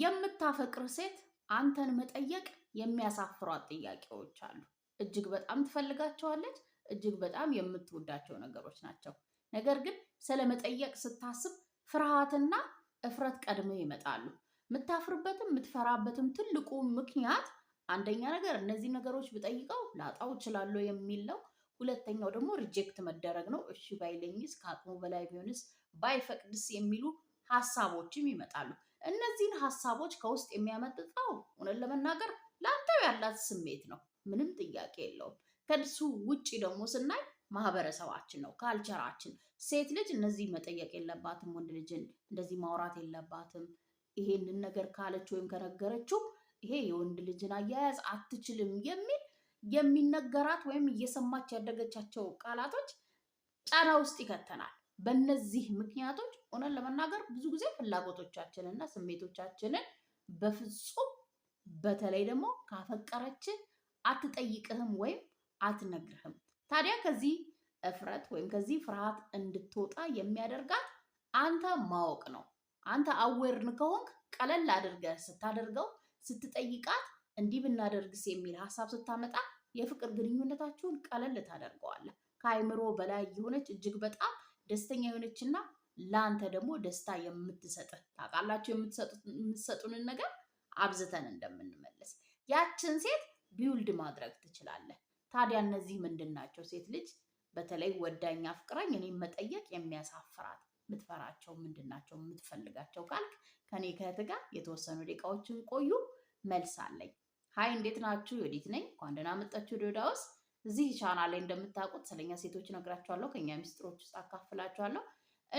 የምታፈቅር ሴት አንተን መጠየቅ የሚያሳፍሯት ጥያቄዎች አሉ። እጅግ በጣም ትፈልጋቸዋለች። እጅግ በጣም የምትወዳቸው ነገሮች ናቸው። ነገር ግን ስለመጠየቅ ስታስብ ፍርሃትና እፍረት ቀድሞ ይመጣሉ። የምታፍርበትም የምትፈራበትም ትልቁ ምክንያት አንደኛ ነገር እነዚህ ነገሮች ብጠይቀው ላጣው እችላለሁ የሚል ነው። ሁለተኛው ደግሞ ሪጀክት መደረግ ነው። እሺ ባይለኝስ፣ ከአቅሙ በላይ ቢሆንስ፣ ባይፈቅድስ የሚሉ ሀሳቦችም ይመጣሉ። እነዚህን ሀሳቦች ከውስጥ የሚያመጥጠው እውነት ለመናገር ለአንተው ያላት ስሜት ነው። ምንም ጥያቄ የለውም። ከእሱ ውጭ ደግሞ ስናይ ማህበረሰባችን ነው፣ ካልቸራችን። ሴት ልጅ እነዚህ መጠየቅ የለባትም፣ ወንድ ልጅን እንደዚህ ማውራት የለባትም። ይሄንን ነገር ካለች ወይም ከነገረችው ይሄ የወንድ ልጅን አያያዝ አትችልም የሚል የሚነገራት ወይም እየሰማች ያደገቻቸው ቃላቶች ጫና ውስጥ ይከተናል። በእነዚህ ምክንያቶች ሆነ ለመናገር ብዙ ጊዜ ፍላጎቶቻችንን እና ስሜቶቻችንን በፍጹም በተለይ ደግሞ ካፈቀረችን አትጠይቅህም ወይም አትነግርህም። ታዲያ ከዚህ እፍረት ወይም ከዚህ ፍርሃት እንድትወጣ የሚያደርጋት አንተ ማወቅ ነው። አንተ አዌርን ከሆንክ ቀለል አድርገህ ስታደርገው ስትጠይቃት እንዲህ ብናደርግስ የሚል ሀሳብ ስታመጣ የፍቅር ግንኙነታችሁን ቀለል ታደርገዋለህ። ከአይምሮ በላይ የሆነች እጅግ በጣም ደስተኛ የሆነችና ለአንተ ደግሞ ደስታ የምትሰጥህ ታውቃላችሁ፣ የምትሰጡንን ነገር አብዝተን እንደምንመለስ ያችን ሴት ቢውልድ ማድረግ ትችላለህ። ታዲያ እነዚህ ምንድን ናቸው? ሴት ልጅ በተለይ ወዳኛ ፍቅራኝ እኔም መጠየቅ የሚያሳፍራት የምትፈራቸው ምንድን ናቸው? የምትፈልጋቸው ካልክ ከኔ ከእህት ጋር የተወሰኑ ደቂቃዎችን ቆዩ፣ መልስ አለኝ። ሀይ፣ እንዴት ናችሁ? ዮዲት ነኝ። እንኳን ደህና መጣችሁ ዮድ ሃውስ እዚህ ቻናል ላይ እንደምታውቁት ስለኛ ሴቶች ነግራችኋለሁ፣ ከኛ ሚስጥሮች ውስጥ አካፍላችኋለሁ።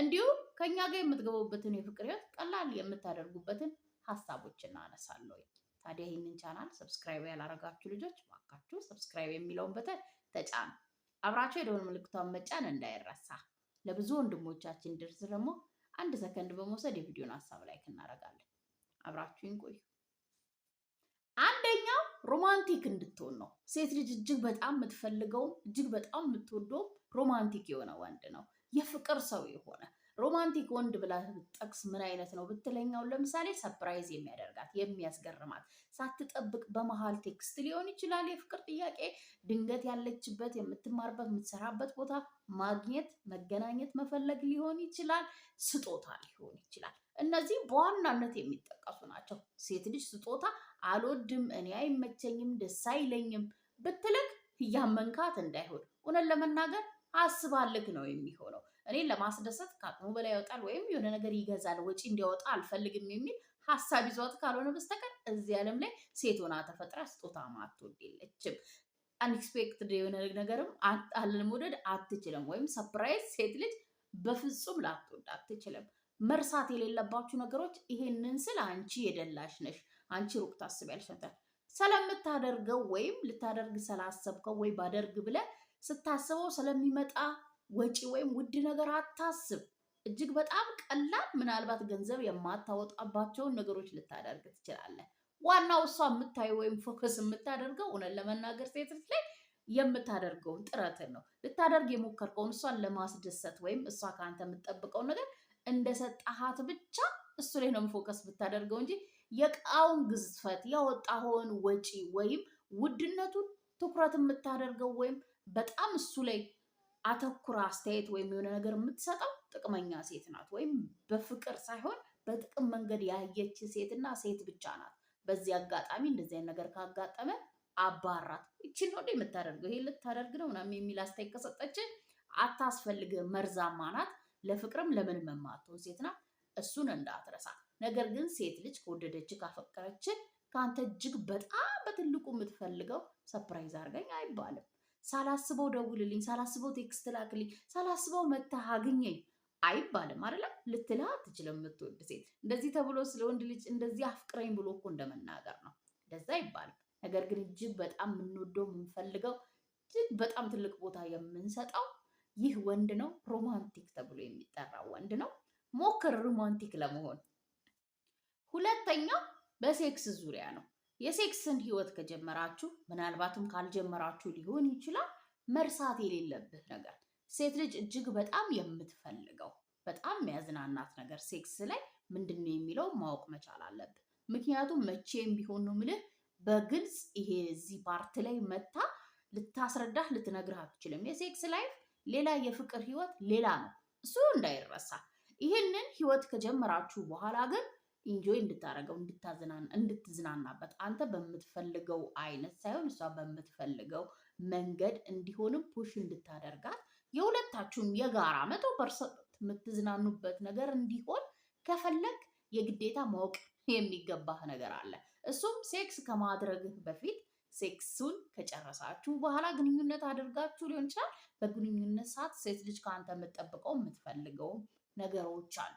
እንዲሁም ከኛ ጋር የምትገቡበትን የፍቅር ህይወት ቀላል የምታደርጉበትን ሀሳቦች እናነሳለሁ። ታዲያ ይህንን ቻናል ሰብስክራይብ ያላረጋችሁ ልጆች ባካችሁ ሰብስክራይብ የሚለውን በተን ተጫኑ። አብራችሁ የደወል ምልክቷን መጫን እንዳይረሳ። ለብዙ ወንድሞቻችን ድርስ ደግሞ አንድ ሰከንድ በመውሰድ የቪዲዮን ሀሳብ ላይክ እናደርጋለን። አብራችሁ ይንቆዩ። ሮማንቲክ እንድትሆን ነው። ሴት ልጅ እጅግ በጣም የምትፈልገውም እጅግ በጣም የምትወደውም ሮማንቲክ የሆነ ወንድ ነው። የፍቅር ሰው የሆነ ሮማንቲክ ወንድ ብላ ብትጠቅስ ምን አይነት ነው ብትለኛው፣ ለምሳሌ ሰፕራይዝ የሚያደርጋት የሚያስገርማት፣ ሳትጠብቅ በመሃል ቴክስት ሊሆን ይችላል የፍቅር ጥያቄ፣ ድንገት ያለችበት የምትማርበት የምትሰራበት ቦታ ማግኘት መገናኘት መፈለግ ሊሆን ይችላል፣ ስጦታ ሊሆን ይችላል። እነዚህ በዋናነት የሚጠቀሱ ናቸው። ሴት ልጅ ስጦታ አልወድም፣ እኔ አይመቸኝም፣ ደስ አይለኝም ብትልክ እያመንካት እንዳይሆን እውነት ለመናገር አስባልክ ነው የሚሆነው። እኔ ለማስደሰት ከአቅሙ በላይ ያወጣል ወይም የሆነ ነገር ይገዛል፣ ወጪ እንዲያወጣ አልፈልግም የሚል ሀሳብ ይዟት ካልሆነ በስተቀር እዚህ ዓለም ላይ ሴት ሆና ተፈጥራ ስጦታ ማትወድ የለችም። አንኤክስፔክትድ የሆነ ነገርም አለመውደድ አትችልም። ወይም ሰፕራይዝ ሴት ልጅ በፍጹም ላትወድ አትችልም። መርሳት የሌለባችሁ ነገሮች፣ ይሄንን ስል አንቺ የደላሽ ነሽ አንቺ ሩቅ ታስቢያለሽ። ስለምታደርገው ወይም ልታደርግ ስላሰብከው ወይ ባደርግ ብለ ስታስበው ስለሚመጣ ወጪ ወይም ውድ ነገር አታስብ። እጅግ በጣም ቀላል ምናልባት ገንዘብ የማታወጣባቸውን ነገሮች ልታደርግ ትችላለህ። ዋናው እሷ የምታየው ወይም ፎከስ የምታደርገው እውነት ለመናገር ሴቶች ላይ የምታደርገውን ጥረትን ነው። ልታደርግ የሞከርከውን እሷን ለማስደሰት ወይም እሷ ከአንተ የምትጠብቀውን ነገር እንደሰጣሃት ብቻ እሱ ላይ ነው ፎከስ ብታደርገው እንጂ የእቃውን ግዝፈት ያወጣኸውን ወጪ ወይም ውድነቱን ትኩረት የምታደርገው ወይም በጣም እሱ ላይ አተኩራ አስተያየት ወይም የሆነ ነገር የምትሰጠው ጥቅመኛ ሴት ናት። ወይም በፍቅር ሳይሆን በጥቅም መንገድ ያየች ሴትና ሴት ብቻ ናት። በዚህ አጋጣሚ እንደዚህ ነገር ካጋጠመ አባራት ይችን ነው የምታደርገው ይሄ ልታደርግ ነው ምናምን የሚል አስተያየት ከሰጠችን አታስፈልግ፣ መርዛማ ናት። ለፍቅርም ለምንም የማትሆን ሴት ናት። እሱን እንዳትረሳ። ነገር ግን ሴት ልጅ ከወደደች ካፈቀረች ከአንተ እጅግ በጣም በትልቁ የምትፈልገው ሰፕራይዝ አድርገኝ አይባልም። ሳላስበው ደውልልኝ፣ ሳላስበው ቴክስት ላክልኝ፣ ሳላስበው መተህ አግኘኝ አይባልም። አይደለም ልትላ አትችልም። የምትወድ ሴት እንደዚህ ተብሎ ስለ ወንድ ልጅ እንደዚህ አፍቅረኝ ብሎ እኮ እንደመናገር ነው። እንደዛ አይባልም። ነገር ግን እጅግ በጣም የምንወደው የምንፈልገው እጅግ በጣም ትልቅ ቦታ የምንሰጠው ይህ ወንድ ነው። ሮማንቲክ ተብሎ የሚጠራው ወንድ ነው። ሞክር ሮማንቲክ ለመሆን። ሁለተኛው በሴክስ ዙሪያ ነው። የሴክስን ህይወት ከጀመራችሁ ምናልባትም ካልጀመራችሁ ሊሆን ይችላል፣ መርሳት የሌለብህ ነገር ሴት ልጅ እጅግ በጣም የምትፈልገው በጣም የሚያዝናናት ነገር ሴክስ ላይ ምንድን ነው የሚለው ማወቅ መቻል አለብህ። ምክንያቱም መቼም ቢሆን ነው ምልህ በግልጽ ይሄ እዚህ ፓርት ላይ መታ ልታስረዳህ ልትነግርህ አትችልም። የሴክስ ላይፍ ሌላ፣ የፍቅር ህይወት ሌላ ነው። እሱ እንዳይረሳ ይህንን ህይወት ከጀመራችሁ በኋላ ግን ኢንጆይ እንድታደርገው እንድትዝናናበት አንተ በምትፈልገው አይነት ሳይሆን እሷ በምትፈልገው መንገድ እንዲሆንም ፑሽ እንድታደርጋት የሁለታችሁም የጋራ መቶ ፐርሰንት የምትዝናኑበት ነገር እንዲሆን ከፈለግ የግዴታ ማወቅ የሚገባህ ነገር አለ። እሱም ሴክስ ከማድረግህ በፊት ሴክሱን ከጨረሳችሁ በኋላ ግንኙነት አድርጋችሁ ሊሆን ይችላል። በግንኙነት ሰዓት ሴት ልጅ ከአንተ የምትጠብቀው የምትፈልገውም ነገሮች አሉ።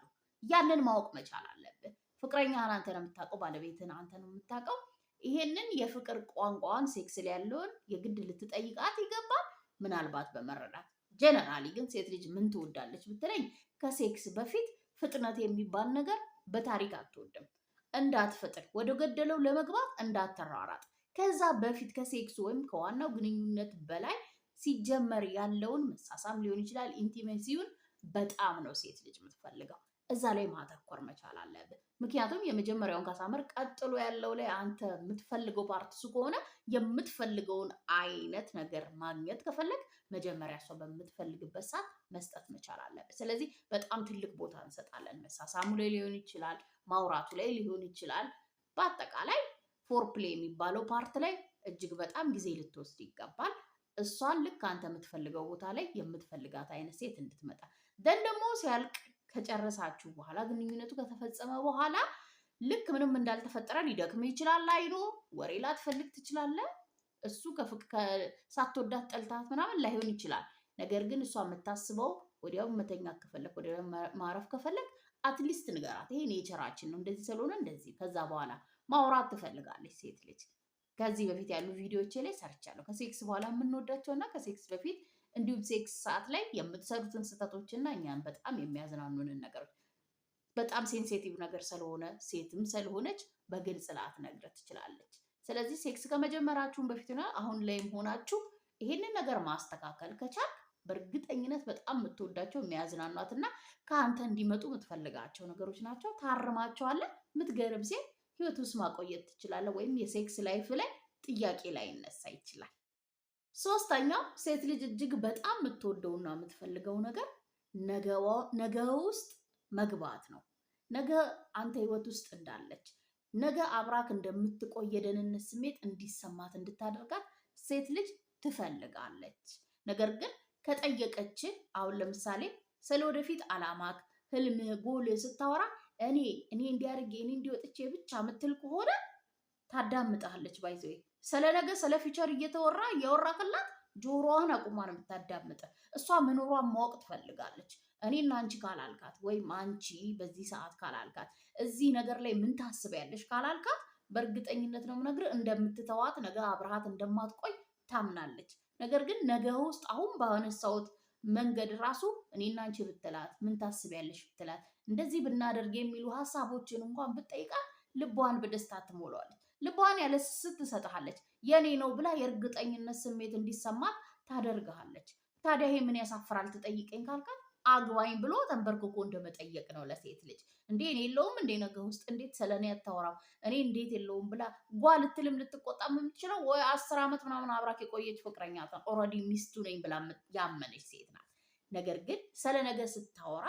ያንን ማወቅ መቻል አለብን። ፍቅረኛህን አንተ ነው የምታውቀው፣ ባለቤትን አንተ ነው የምታውቀው። ይሄንን የፍቅር ቋንቋዋን ሴክስ ላይ ያለውን የግድ ልትጠይቃት ይገባል። ምናልባት በመረዳት ጀነራሊ ግን ሴት ልጅ ምን ትወዳለች ብትለኝ ከሴክስ በፊት ፍጥነት የሚባል ነገር በታሪክ አትወድም። እንዳትፈጥር ወደ ገደለው ለመግባት እንዳትራራጥ። ከዛ በፊት ከሴክስ ወይም ከዋናው ግንኙነት በላይ ሲጀመር ያለውን መሳሳም ሊሆን ይችላል ኢንቲሜሲውን በጣም ነው ሴት ልጅ የምትፈልገው። እዛ ላይ ማተኮር መቻል አለብን። ምክንያቱም የመጀመሪያውን ካሳመር ቀጥሎ ያለው ላይ አንተ የምትፈልገው ፓርትሱ ከሆነ የምትፈልገውን አይነት ነገር ማግኘት ከፈለግ መጀመሪያ እሷ በምትፈልግበት ሰዓት መስጠት መቻል አለብን። ስለዚህ በጣም ትልቅ ቦታ እንሰጣለን። መሳሳሙ ላይ ሊሆን ይችላል፣ ማውራቱ ላይ ሊሆን ይችላል። በአጠቃላይ ፎርፕሌ የሚባለው ፓርት ላይ እጅግ በጣም ጊዜ ልትወስድ ይገባል። እሷን ልክ አንተ የምትፈልገው ቦታ ላይ የምትፈልጋት አይነት ሴት እንድትመጣ ደን ደግሞ ሲያልቅ ከጨረሳችሁ በኋላ ግንኙነቱ ከተፈጸመ በኋላ ልክ ምንም እንዳልተፈጠረ ሊደክም ይችላል። አይኑ ወሬ ላትፈልግ ትችላለ። እሱ ሳትወዳት ጠልታት ምናምን ላይሆን ይችላል። ነገር ግን እሷ የምታስበው ወዲያው መተኛ ከፈለግ ወዲያ ማረፍ ከፈለግ አትሊስት ንገራት። ይሄ ኔቸራችን ነው፣ እንደዚህ ስለሆነ እንደዚህ። ከዛ በኋላ ማውራት ትፈልጋለች ሴት ልጅ። ከዚህ በፊት ያሉ ቪዲዮዎቼ ላይ ሰርቻለሁ። ከሴክስ በኋላ የምንወዳቸው እና ከሴክስ በፊት እንዲሁም ሴክስ ሰዓት ላይ የምትሰሩትን ስህተቶች እና እኛን በጣም የሚያዝናኑንን ነገሮች በጣም ሴንሴቲቭ ነገር ስለሆነ ሴትም ስለሆነች በግልጽ ነግረ ትችላለች። ስለዚህ ሴክስ ከመጀመራችሁን በፊት አሁን ላይም ሆናችሁ ይሄንን ነገር ማስተካከል ከቻል በእርግጠኝነት በጣም የምትወዳቸው የሚያዝናኗት እና ከአንተ እንዲመጡ የምትፈልጋቸው ነገሮች ናቸው። ታርማቸዋለ የምትገርም ሴት ህይወት ውስጥ ማቆየት ትችላለ፣ ወይም የሴክስ ላይፍ ላይ ጥያቄ ላይ ይነሳ ይችላል። ሶስተኛው ሴት ልጅ እጅግ በጣም የምትወደውና የምትፈልገው ነገር ነገ ውስጥ መግባት ነው። ነገ አንተ ህይወት ውስጥ እንዳለች፣ ነገ አብራክ እንደምትቆይ የደህንነት ስሜት እንዲሰማት እንድታደርጋት ሴት ልጅ ትፈልጋለች። ነገር ግን ከጠየቀች አሁን ለምሳሌ ስለ ወደፊት አላማክ፣ ህልም ጎል ስታወራ እኔ እኔ እንዲያደርግ እኔ እንዲወጥቼ ብቻ የምትል ከሆነ ታዳምጣለች ባይዘ ስለ ነገ ስለ ፊቸር እየተወራ እያወራክላት ጆሮዋን አቁማ ነው እሷ መኖሯን ማወቅ ትፈልጋለች። እኔና አንቺ ካላልካት ወይም አንቺ በዚህ ሰዓት ካላልካት እዚህ ነገር ላይ ምን ታስቢያለሽ ካላልካት በእርግጠኝነት ነው የምነግርህ እንደምትተዋት ነገ አብርሃት እንደማትቆይ ታምናለች። ነገር ግን ነገ ውስጥ አሁን ባነሳሁት መንገድ ራሱ እኔና አንቺ ብትላት ምን ታስቢያለሽ ብትላት እንደዚህ ብናደርግ የሚሉ ሀሳቦችን እንኳን ብጠይቃት ልቧን በደስታ ትሞላዋለች። ልቧን ያለ ስስት ትሰጥሃለች። የኔ ነው ብላ የእርግጠኝነት ስሜት እንዲሰማት ታደርግሃለች። ታዲያ ይሄ ምን ያሳፍራል ትጠይቀኝ ካልካት አግባኝ ብሎ ተንበርክኮ እንደመጠየቅ ነው። ለሴት ልጅ እንዴ እኔ የለውም እንዴ ነገ ውስጥ እንዴት ስለኔ አታወራም? እኔ እንዴት የለውም ብላ ጓ ልትልም ልትቆጣም የምትችለው ወይ አስር ዓመት ምናምን አብራክ የቆየች ፍቅረኛ ኦልሬዲ ሚስቱ ነኝ ብላ ያመነች ሴት ናት። ነገር ግን ስለ ነገ ስታወራ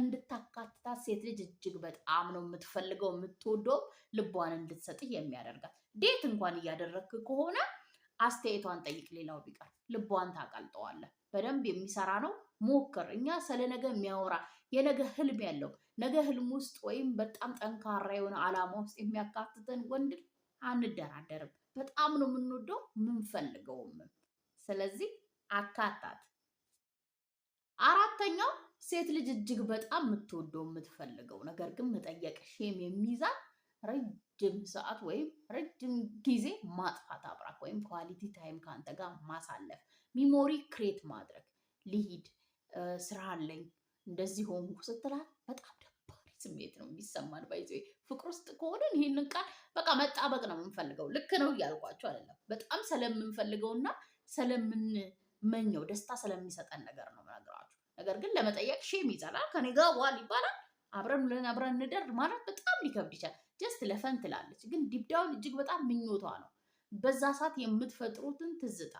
እንድታካትታት ሴት ልጅ እጅግ በጣም ነው የምትፈልገው የምትወደው ልቧን እንድትሰጥህ የሚያደርጋት። ዴት እንኳን እያደረግክ ከሆነ አስተያየቷን ጠይቅ። ሌላው ቢቀር ልቧን ታቃልጠዋለህ። በደንብ የሚሰራ ነው ሞክር። እኛ ስለ ነገ የሚያወራ የነገ ህልም ያለው ነገ ህልም ውስጥ ወይም በጣም ጠንካራ የሆነ አላማ ውስጥ የሚያካትተን ወንድ አንደራደርም። በጣም ነው የምንወደው የምንፈልገውም። ስለዚህ አካታት። አራተኛው ሴት ልጅ እጅግ በጣም የምትወደው የምትፈልገው ነገር ግን መጠየቅ ሼም የሚይዛ ረጅም ሰዓት ወይም ረጅም ጊዜ ማጥፋት አብራክ ወይም ኳሊቲ ታይም ከአንተ ጋር ማሳለፍ ሚሞሪ ክሬት ማድረግ ልሂድ፣ ስራ አለኝ፣ እንደዚህ ሆንኩ ስትላት በጣም ደባሪ ስሜት ነው የሚሰማን። ባይዘ ፍቅር ውስጥ ከሆንን ይህንን ቃል በቃ መጣበቅ ነው የምንፈልገው። ልክ ነው እያልኳቸው አይደለም። በጣም ስለምንፈልገውና ስለምንመኘው ደስታ ስለሚሰጠን ነገር ነው ነገር ግን ለመጠየቅ ሼም ይጸላል። ከኔ ጋር ዋል ይባላል። አብረን ውለን አብረን እንደር ማለት በጣም ሊከብድ ይችላል። ጀስት ለፈን ትላለች፣ ግን ዲብዳውን እጅግ በጣም ምኞቷ ነው። በዛ ሰዓት የምትፈጥሩትን ትዝታ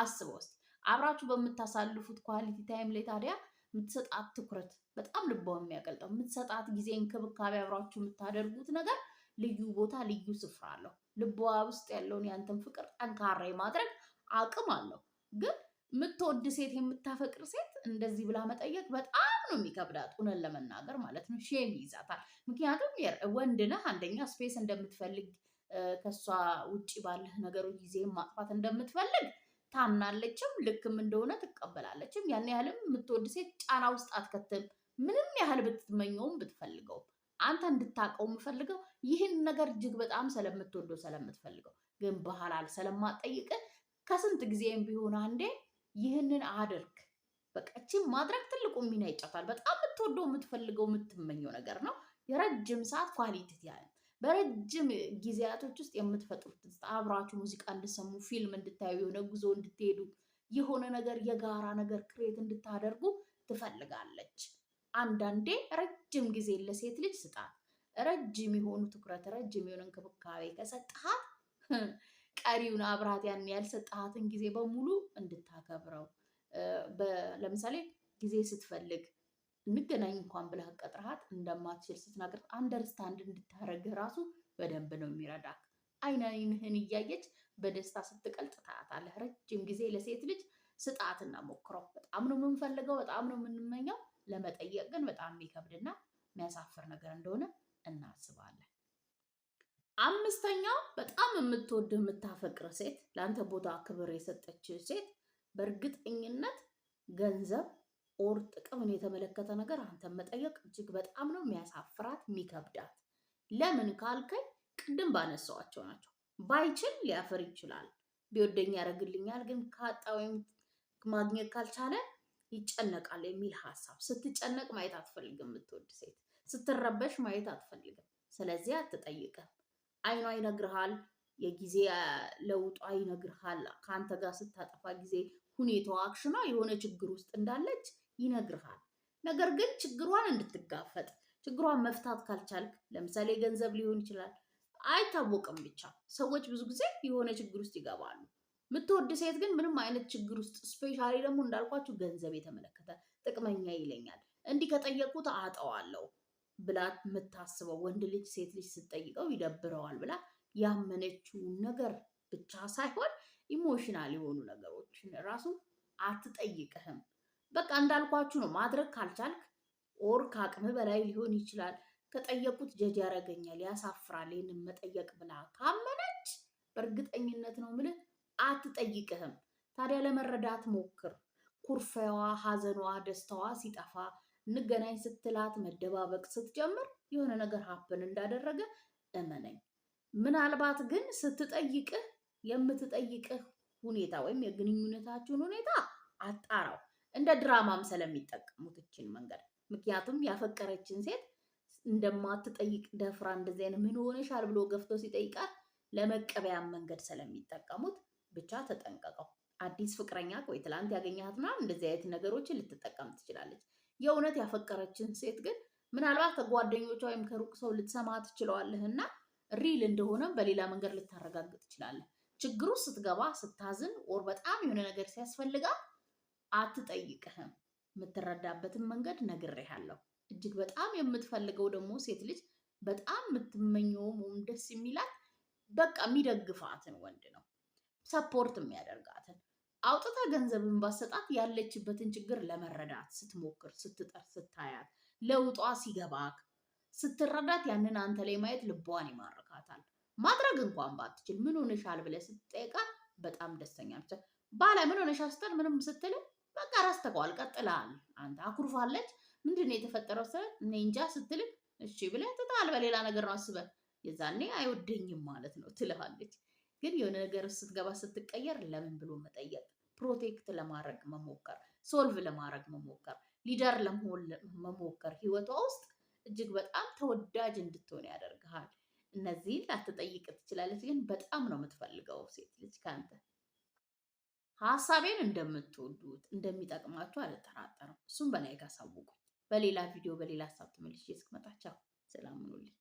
አስበው እስኪ። አብራችሁ በምታሳልፉት ኳሊቲ ታይም ላይ ታዲያ የምትሰጣት ትኩረት በጣም ልባው የሚያቀልጠው የምትሰጣት ጊዜ፣ እንክብካቤ፣ አብራችሁ የምታደርጉት ነገር ልዩ ቦታ ልዩ ስፍራ አለው። ልቧ ውስጥ ያለውን ያንተን ፍቅር ጠንካራ የማድረግ አቅም አለው ግን የምትወድ ሴት የምታፈቅር ሴት እንደዚህ ብላ መጠየቅ በጣም ነው የሚከብዳት፣ እውነት ለመናገር ማለት ነው። ሼም ይይዛታል። ምክንያቱም ወንድ ነህ፣ አንደኛ ስፔስ እንደምትፈልግ ከእሷ ውጭ ባለህ ነገሮች ጊዜ ማጥፋት እንደምትፈልግ ታምናለችም፣ ልክም እንደሆነ ትቀበላለችም። ያን ያህልም የምትወድ ሴት ጫና ውስጥ አትከትም። ምንም ያህል ብትመኘውም ብትፈልገውም አንተ እንድታውቀው የምፈልገው ይህን ነገር እጅግ በጣም ስለምትወደው ስለምትፈልገው፣ ግን ባህላል ስለማጠይቅ ከስንት ጊዜም ቢሆን አንዴ ይህንን አድርግ። በቃ ማድረግ ትልቁ ሚና ይጫወታል። በጣም የምትወደው የምትፈልገው የምትመኘው ነገር ነው። የረጅም ሰዓት ኳሊቲ ያለ በረጅም ጊዜያቶች ውስጥ የምትፈጥሩት አብራችሁ ሙዚቃ እንድሰሙ፣ ፊልም እንድታዩ፣ የሆነ ጉዞ እንድትሄዱ፣ የሆነ ነገር የጋራ ነገር ክሬት እንድታደርጉ ትፈልጋለች። አንዳንዴ ረጅም ጊዜ ለሴት ልጅ ስጣት። ረጅም የሆኑ ትኩረት፣ ረጅም የሆነ እንክብካቤ ከሰጣት ቀሪውን አብራት ያን ያልሰጠሃትን ጊዜ በሙሉ እንድታከብረው። ለምሳሌ ጊዜ ስትፈልግ እንገናኝ እንኳን ብለህ ቀጥረሃት እንደማትችል ስትናገር አንደርስታንድ እንድታደረግ ራሱ በደንብ ነው የሚረዳክ አይን አይንህን እያየች በደስታ ስትቀልጥ ታያታለህ። ረጅም ጊዜ ለሴት ልጅ ስጣት እና ሞክረው። በጣም ነው የምንፈልገው፣ በጣም ነው የምንመኘው። ለመጠየቅ ግን በጣም የሚከብድና የሚያሳፍር ነገር እንደሆነ እናስባለን። አምስተኛው በጣም የምትወድ የምታፈቅር ሴት፣ ለአንተ ቦታ ክብር የሰጠች ሴት በእርግጠኝነት ገንዘብ ኦር ጥቅምን የተመለከተ ነገር አንተ መጠየቅ እጅግ በጣም ነው የሚያሳፍራት የሚከብዳት። ለምን ካልከኝ ቅድም ባነሳዋቸው ናቸው። ባይችል ሊያፈር ይችላል። ቢወደኝ ያደርግልኛል፣ ግን ካጣ ወይም ማግኘት ካልቻለ ይጨነቃል የሚል ሀሳብ። ስትጨነቅ ማየት አትፈልግም። የምትወድ ሴት ስትረበሽ ማየት አትፈልግም። ስለዚህ አትጠይቅም። አይኗ ይነግርሃል፣ የጊዜ ለውጧ ይነግርሃል። ከአንተ ጋር ስታጠፋ ጊዜ ሁኔታዋ፣ አክሽኗ የሆነ ችግር ውስጥ እንዳለች ይነግርሃል። ነገር ግን ችግሯን እንድትጋፈጥ ችግሯን መፍታት ካልቻልክ፣ ለምሳሌ ገንዘብ ሊሆን ይችላል፣ አይታወቅም። ብቻ ሰዎች ብዙ ጊዜ የሆነ ችግር ውስጥ ይገባሉ። የምትወድ ሴት ግን ምንም አይነት ችግር ውስጥ ስፔሻሊ ደግሞ እንዳልኳችሁ ገንዘብ የተመለከተ ጥቅመኛ ይለኛል፣ እንዲህ ከጠየቁት አጠዋለሁ ብላ የምታስበው ወንድ ልጅ ሴት ልጅ ስትጠይቀው ይደብረዋል ብላ ያመነችውን ነገር ብቻ ሳይሆን ኢሞሽናል የሆኑ ነገሮችን ራሱ አትጠይቅህም። በቃ እንዳልኳችሁ ነው። ማድረግ ካልቻልክ ኦር ከአቅም በላይ ሊሆን ይችላል። ከጠየቁት ጀጅ ያረገኛል ያሳፍራል፣ ይህንን መጠየቅ ብላ ካመነች በእርግጠኝነት ነው ምልህ አትጠይቅህም። ታዲያ ለመረዳት ሞክር። ኩርፈዋ፣ ሀዘኗ ደስታዋ ሲጠፋ እንገናኝ ስትላት መደባበቅ ስትጀምር የሆነ ነገር ሀፕን እንዳደረገ እመነኝ። ምናልባት ግን ስትጠይቅህ የምትጠይቅህ ሁኔታ ወይም የግንኙነታችሁን ሁኔታ አጣራው። እንደ ድራማም ስለሚጠቀሙት ይችን መንገድ ምክንያቱም ያፈቀረችን ሴት እንደማትጠይቅ ደፍራ እንደዚህ አይነት ምን ሆነሻል ብሎ ገፍቶ ሲጠይቃት ለመቀበያ መንገድ ስለሚጠቀሙት ብቻ ተጠንቀቀው። አዲስ ፍቅረኛ ወይ ትላንት ያገኘሃት ምናምን እንደዚህ አይነት ነገሮችን ልትጠቀም ትችላለች። የእውነት ያፈቀረችን ሴት ግን ምናልባት ከጓደኞቿ ወይም ከሩቅ ሰው ልትሰማ ትችለዋለህ እና ሪል እንደሆነ በሌላ መንገድ ልታረጋግጥ ትችላለህ። ችግሩ ስትገባ ስታዝን፣ ወር በጣም የሆነ ነገር ሲያስፈልጋ አትጠይቅህም። የምትረዳበትን መንገድ ነግሬሃለሁ። እጅግ በጣም የምትፈልገው ደግሞ ሴት ልጅ በጣም የምትመኘውም ደስ የሚላት በቃ የሚደግፋትን ወንድ ነው፣ ሰፖርት የሚያደርጋል። አውጥታ ገንዘብን ባሰጣት ያለችበትን ችግር ለመረዳት ስትሞክር ስትጠር ስታያት ለውጧ ሲገባክ ስትረዳት ያንን አንተ ላይ ማየት ልቧን ይማርካታል። ማድረግ እንኳን ባትችል ምን ሆነሻል ብለህ ስትጠይቃት በጣም ደስተኛ ብቻ ባላ ምን ሆነሻ ስትል ምንም ስትል በቃ ራስ ተቋል ቀጥላል። አንተ አኩርፋለች። ምንድን ነው የተፈጠረው ስለ እኔ እንጃ ስትልክ እሺ ብለህ ትታል። በሌላ ነገር ነው አስበህ የዛኔ አይወደኝም ማለት ነው ትልሃለች። ግን የሆነ ነገር ስትገባ ስትቀየር ለምን ብሎ መጠየቅ፣ ፕሮቴክት ለማድረግ መሞከር፣ ሶልቭ ለማድረግ መሞከር፣ ሊደር ለመሆን መሞከር ህይወቷ ውስጥ እጅግ በጣም ተወዳጅ እንድትሆን ያደርግሃል። እነዚህን ላትጠይቅ ትችላለች፣ ግን በጣም ነው የምትፈልገው ሴት ልጅ ከአንተ። ሀሳቤን እንደምትወዱት እንደሚጠቅማችሁ አልጠራጠርም። እሱም በላይ ካሳውቁ። በሌላ ቪዲዮ በሌላ ሀሳብ ተመልሼ እስክመጣ ቻው፣ ሰላም ሁኑልኝ።